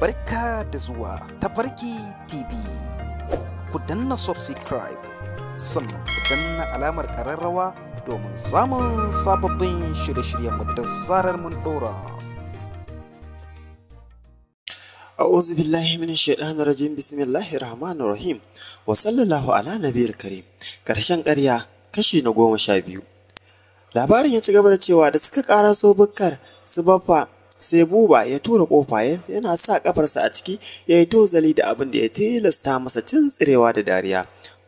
barka da zuwa tafarki tv ku danna subscribe sannan ku danna alamar kararrawa domin samun sababbin shirye mu da zarar mun dora a'udhu billahi minash shaitanir rajim bismillahir rahmanir rahim wa sallallahu ala nabiyil karim karshen ƙarya kashi na goma sha biyu labarin ya ci gaba da cewa da suka ƙara so bukkar su baffa sai buba ya tura kofa yana sa kafarsa a ciki ya yi tozali da abin da ya tilasta masa cin tsirewa da dariya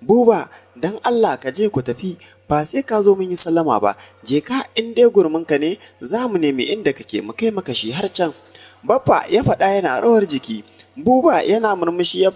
buba dan Allah ka je ku tafi ba sai ka zo mun yi sallama ba je ka in dai ka ne za mu nemi inda kake mu kai maka shi har can baffa ya faɗa yana rawar jiki buba yana murmushi ya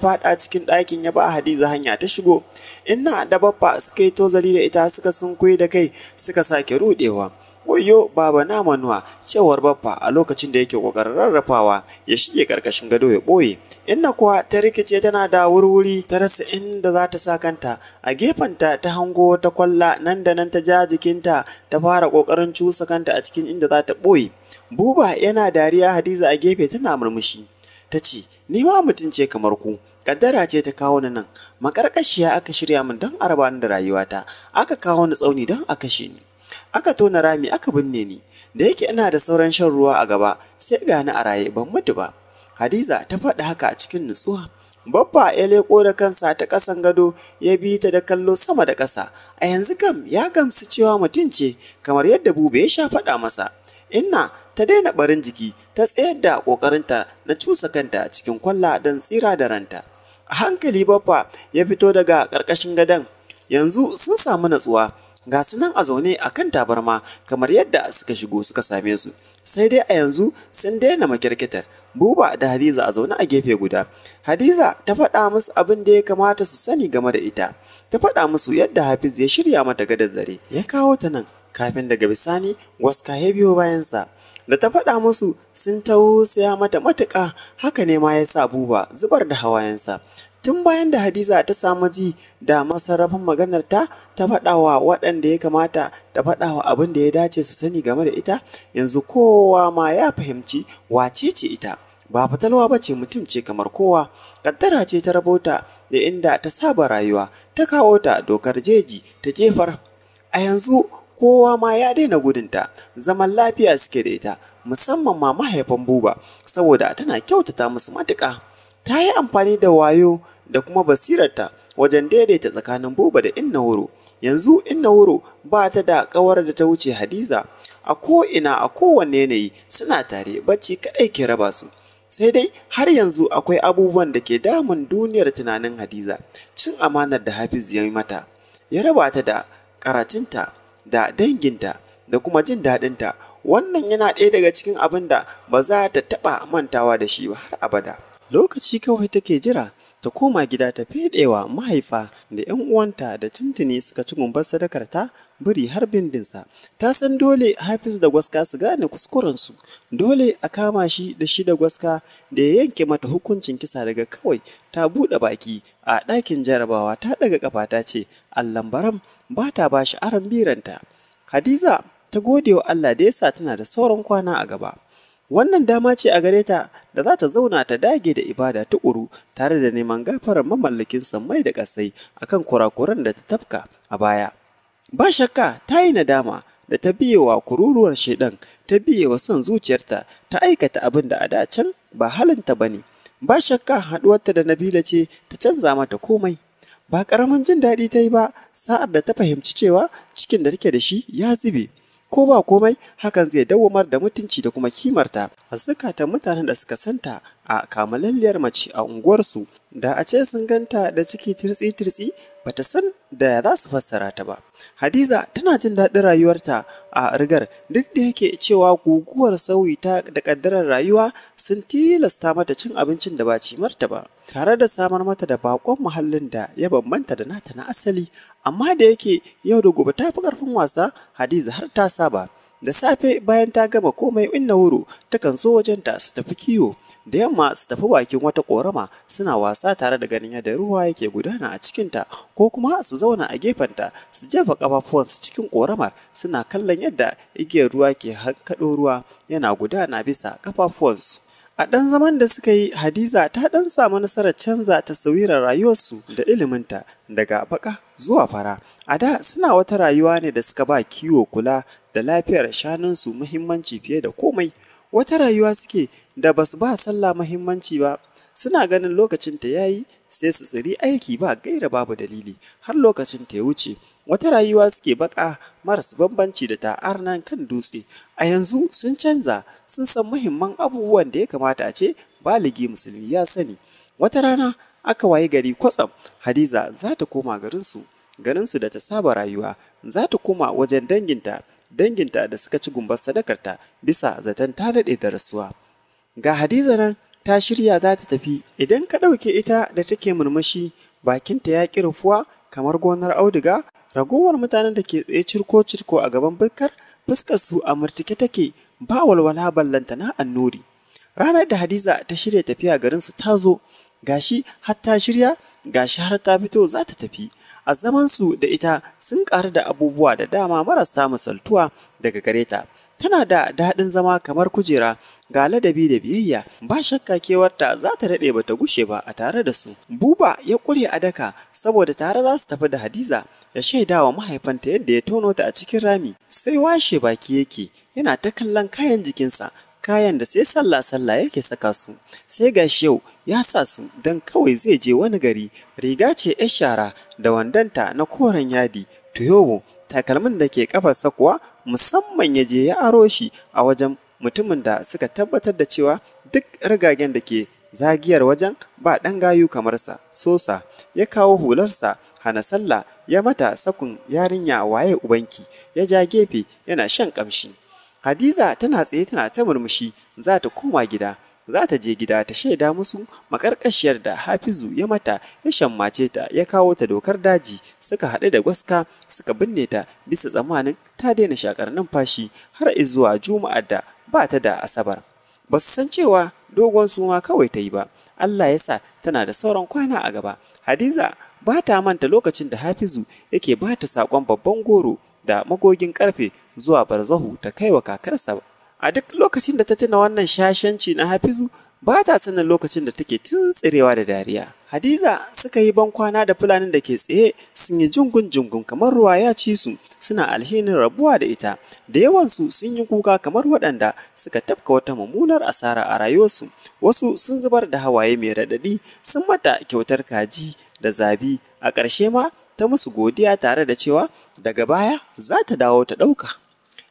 faɗa cikin ɗakin ya ba hadiza hanya ta shigo ina da baffa suka yi tozali da ita suka sunkuyi da kai suka sake ruɗewa wayo baba na manuwa cewar baffa a lokacin da yake kokarin rarrafawa ya shige karkashin gado ya boye inna kuwa ta rikice tana da wurwuri ta rasa inda za ta sa kanta a gefenta ta hango ta kwalla nan da nan ta ja jikinta ta fara kokarin cusa kanta a cikin inda za ta boye buba yana dariya hadiza a gefe tana murmushi ta ce ni ma mutum ce kamar ku kaddara ce ta kawo ni nan makarkashiya aka shirya min don araba ni da rayuwata aka kawo ni tsauni don a kashe ni aka tona rami aka binne ni da yake ina da sauran shan ruwa a gaba sai ga ni a raye ban mutu ba hadiza ta faɗi haka a cikin nutsuwa babba ya leko da kansa ta ƙasan gado ya bi ta da kallo sama da ƙasa a yanzu kam ya gamsu cewa mutum ce kamar yadda bube ya sha faɗa masa inna ta daina ɓarin jiki ta tsayar da ƙoƙarinta na cusa kanta cikin kwalla don tsira da ranta a hankali babba ya fito daga ƙarƙashin gadon yanzu sun samu natsuwa ga su nan a zaune a kan tabarma kamar yadda suka shigo suka same su sai dai a yanzu sun daina makirkitar buba da hadiza a zaune a gefe guda hadiza ta faɗa musu abin da ya kamata su sani game da ita ta faɗa musu yadda hafiz ya shirya mata gadar zare ya kawo ta nan kafin daga bisani waska ya biyo bayansa da ta faɗa musu sun tausaya mata matuƙa haka ne ma ya sa buba zubar da hawayensa tun bayan da hadiza ta samu ji da masarrafin maganar ta ta faɗawa waɗanda ya kamata ta faɗawa abin da ya dace su sani game da ita yanzu kowa ma ya fahimci wace ce ita ba fatalwa ba ce mutum ce kamar kowa kaddara ce ta rabota da inda ta saba rayuwa ta kawo ta dokar jeji ta jefar a yanzu kowa ma ya daina gudunta zaman lafiya suke da ita musamman ma mahaifin buba saboda tana kyautata musu matuƙa ta yi amfani da wayo da kuma basirarta wajen daidaita tsakanin Buba da Inna Wuro. Yanzu Inna Wuro ba ta da ƙawar da ta wuce Hadiza, a ko'ina a kowanne yanayi suna tare bacci kaɗai ke raba su. Sai dai har yanzu akwai abubuwan da ke damun duniyar tunanin Hadiza, cin amanar da Hafiz ya yi mata, ya raba ta da karatunta da danginta da kuma jin daɗinta, wannan yana ɗaya daga cikin abin da ba za ta taɓa mantawa da shi har abada. lokaci kawai take jira ta koma gida ta fedewa mahaifa da 'yan uwanta da tuntuni suka ci gumbar ta biri har bindinsa ta san dole hafiz da gwaska su gane kuskurensu dole a kama shi da shi da gwaska da ya yanke mata hukuncin kisa daga kawai ta buɗe baki a ɗakin jarabawa ta ɗaga kafa ta ce baram ba ta ba shi aron biranta hadiza ta gode wa allah da ya sa tana da sauran kwana a gaba wannan dama ce a gare ta da za ta zauna ta dage da ibada tuƙuru tare da neman gafarar mamallakin sammai da ƙasai akan kurakuran da ta tafka a baya. Ba shakka ta yi nadama da ta biye wa kururuwar shaidan ta biye wa son zuciyarta ta aikata abin da a da can ba halinta ba ne ba shakka haɗuwarta da nabila ce ta canza mata komai ba ƙaramin jin daɗi ta yi ba sa'ar da ta fahimci cewa cikin da take da shi ya zube ko ba komai hakan zai dawwamar da mutunci da kuma kimarta a zukata mutanen da suka santa a kamalalliyar mace a unguwarsu da a ce sun ganta da ciki tirtsi-tirtsi ba ta san da za su fassara ta ba hadiza tana jin daɗin rayuwarta a rigar duk da yake cewa guguwar sauyi ta da ƙaddarar rayuwa sun tilasta mata cin abincin da ba marta ba tare da samar mata da bakon muhallin da ya bambanta da nata na asali amma da yake yau da gobe ta fi ƙarfin wasa hadiza har ta saba da safe bayan ta gama komai inna wuro takan zo ta su tafi kiwo da yamma su tafi bakin wata ƙorama suna wasa tare da ganin yadda ruwa yake gudana a cikinta ko kuma su zauna a gefenta su jefa kafafuwansu cikin ƙoramar. suna kallon yadda igiyar ruwa ke hankaɗo ruwa yana gudana bisa ƙafafuwansu. A ɗan zaman da suka yi, Hadiza ta ɗan samu nasarar canza taswirar rayuwarsu da iliminta daga baka zuwa fara. A da suna wata rayuwa ne da suka ba kiwo kula da lafiyar shanunsu muhimmanci fiye da komai. Wata rayuwa suke da ba su ba sallah muhimmanci ba, suna ganin lokacin ta yayi sai su tsiri aiki ba gaira babu dalili har lokacin ta ya wuce wata rayuwa suke baka maras bambanci da ta kan dutse a yanzu sun canza sun san muhimman abubuwan da ya kamata a ce baligi musulmi ya sani wata rana aka waye gari kwatsam hadiza za ta koma garinsu garinsu da ta saba rayuwa za ta koma wajen danginta danginta da suka ci gumbar sadakarta bisa zaton ta daɗe da rasuwa ga hadiza nan ta shirya za ta tafi idan ka ɗauke ita da take murmushi bakinta ya ƙi rufuwa kamar gonar auduga ragowar mutanen da ke tsaye cirko-cirko a gaban bukkar fuskar su a murtike take ba walwala ballanta na annuri ranar da hadiza ta shirya tafiya garin su ta zo gashi har ta shirya gashi har ta fito za ta tafi a zaman su da ita sun ƙaru da abubuwa da dama marasa misaltuwa daga gareta. tana da daɗin zama kamar kujera ga ladabi da biyayya ba shakka kewarta za ta daɗe ba ta gushe ba a tare da su buba ya ƙure a daka saboda tare za su tafi da hadiza ya shaida wa mahaifanta yadda ya tono ta a cikin rami sai washe baki yake yana ta kallon kayan jikinsa kayan da sai sallah sallah yake saka su sai gashi yau ya sa su don kawai zai je wani gari riga ce 'yar shara da wandanta na koren yadi tuyobo takalmin da ke ƙafarsa kuwa musamman ya je ya aro shi a wajen mutumin da suka tabbatar da cewa duk rigagen da ke zagiyar wajen ba ɗan gayu kamarsa sosa ya kawo hularsa hana sallah ya mata sakun yarinya waye ubanki ya ja gefe yana shan ƙamshi hadiza tana tsaye tana ta murmushi za ta koma gida za ta je gida ta shaida musu makarkashiyar da hafizu ya mata ya shammace ta ya kawo ta dokar daji suka haɗu da gwaska suka binne ta bisa tsammanin ta daina shakar numfashi har zuwa juma'ar da ba ta da asabar ba su san cewa dogon suma kawai ta yi ba Allah ya sa tana da sauran kwana a gaba Hadiza ba ta manta lokacin da Hafizu yake ba ta saƙon babban goro da magogin ƙarfe zuwa barzahu ta kai wa kakarsa a duk lokacin da ta tuna wannan shashanci na hafizu ba ta sanin lokacin da take tsirewa da dariya hadiza suka yi ban kwana da fulanin da ke tsaye sun yi jungun jungun kamar ruwa ya ci su suna alhinin rabuwa da ita da yawansu sun yi kuka kamar waɗanda suka tafka wata mummunar asara a rayuwarsu wasu sun zubar da hawaye mai raɗaɗi sun mata kyautar kaji da zabi a ƙarshe ma ta musu godiya tare da cewa daga baya za ta dawo ta ɗauka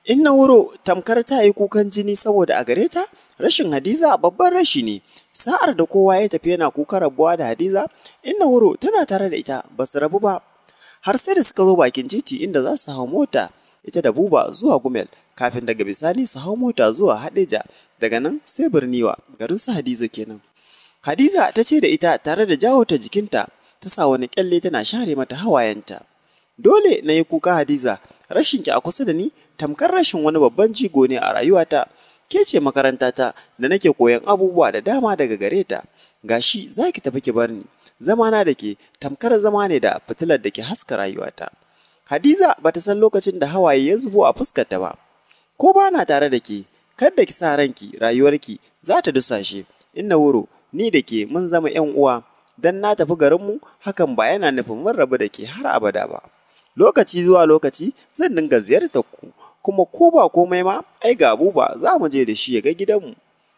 Inna wuro tamkar ta yi kukan jini saboda a gare ta rashin Hadiza babban rashi ne. Sa'ar da kowa ya tafi yana kuka rabuwa da Hadiza, Inna wuro tana tare da ita ba su rabu ba. Har sai da suka zo bakin titi inda za su hau mota ita da Buba zuwa Gumel kafin daga bisani su hau mota zuwa Hadeja daga nan sai Birniwa garin su Hadiza kenan. Hadiza ta ce da ita tare da jawo ta jikinta ta sa wani kyalle tana share mata hawayenta. Dole na yi kuka Hadiza, rashin ki a kusa da ni tamkar rashin wani babban jigo ne a rayuwata. Ke ce ta da nake koyan abubuwa da dama daga gare ta. Gashi za ki tafi ki bar ni. zama na da ke tamkar zama ne da fitilar da ke haska rayuwata. Hadiza ba ta san lokacin da hawaye ya zubo a ta ba. Ko ba na tare da ke, da ki sa ranki rayuwarki za ta dusashe. Inna wuro, ni da ke mun zama 'yan uwa, don na tafi garinmu hakan ba yana nufin mun rabu da ke har abada ba. lokaci zuwa lokaci zan dinga ziyartar ku kuma ko ba komai ma ai ga buba za mu je da shi ya ga gidanmu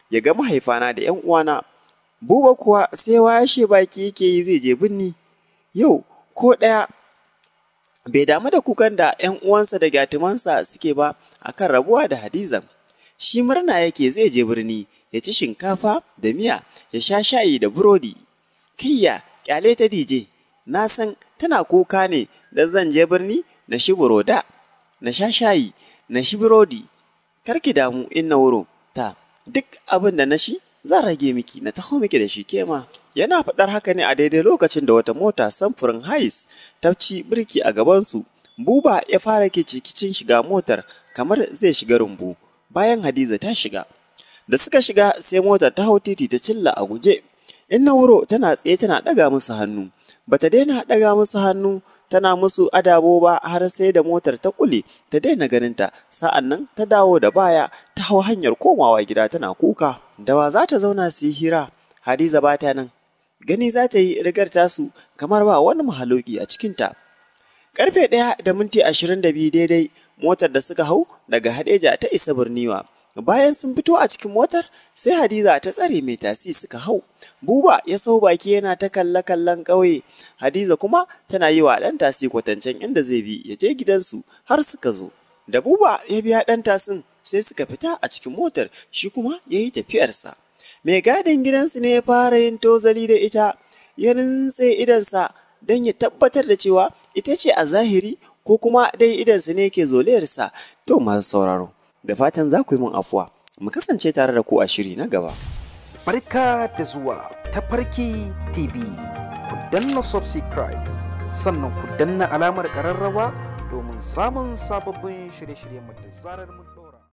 ya ga mahaifana da ‘yan uwana buba kuwa sai washe baki yake yi zai je binni yau ko ɗaya bai damu da kukan da ‘yan uwansa da gatumansa suke ba akan rabuwa da hadizan shi murna yake zai je birni ya ci shinkafa da miya ya sha shayi da burodi kiyya ƙyale ta dije na san tana kuka ne da zan je birni na shi buroda, na sha shayi, na shi burodi, karki damu in na wuro ta duk abin da na shi zan rage miki na taho miki da shi kema. Yana faɗar haka ne a daidai lokacin da wata mota samfurin hais ta ci birki a gabansu. Buba ya fara kicin shiga motar kamar zai shiga rumbu bayan Hadiza ta shiga. Da suka shiga sai motar ta hau titi ta cilla a guje In na wuro tana tsaye tana ɗaga musu hannu, Ba ta daina ɗaga musu hannu tana musu adabo ba har sai da motar ta kule ta daina ganinta, sa'an nan ta dawo da baya ta hau hanyar komawa gida tana kuka. Da wa za ta zauna su yi hira, Hadiza ba ta nan. Gani za ta yi rigar tasu kamar ba wani mahaloki a cikinta. Karfe ɗaya da minti ashirin da biyu daidai motar da suka hau daga Hadeja ta isa Birniwa. Bayan sun fito a cikin motar, sai Hadiza ta tsare mai tasi suka hau. Buba ya sau baki yana ta kalla kallon ƙauye. Hadiza kuma tana yi wa ɗan tasi kwatancen inda zai bi ya je gidansu har suka zo. Da Buba ya biya ɗan tasin sai suka fita a cikin motar shi kuma ya yi tafiyarsa. Mai gadin gidansu ne ya fara yin tozali da ita, ya rintse idansa don ya tabbatar da cewa ita ce a zahiri ko kuma dai idansu ne ke zolayarsa to masu sauraro. da fatan za ku yi mun afuwa mu kasance tare da ku a shiri na gaba barka da zuwa tafarki tv ku danna subscribe sannan ku danna alamar ƙararrawa domin samun sababbin shirye-shiryen da zarar mu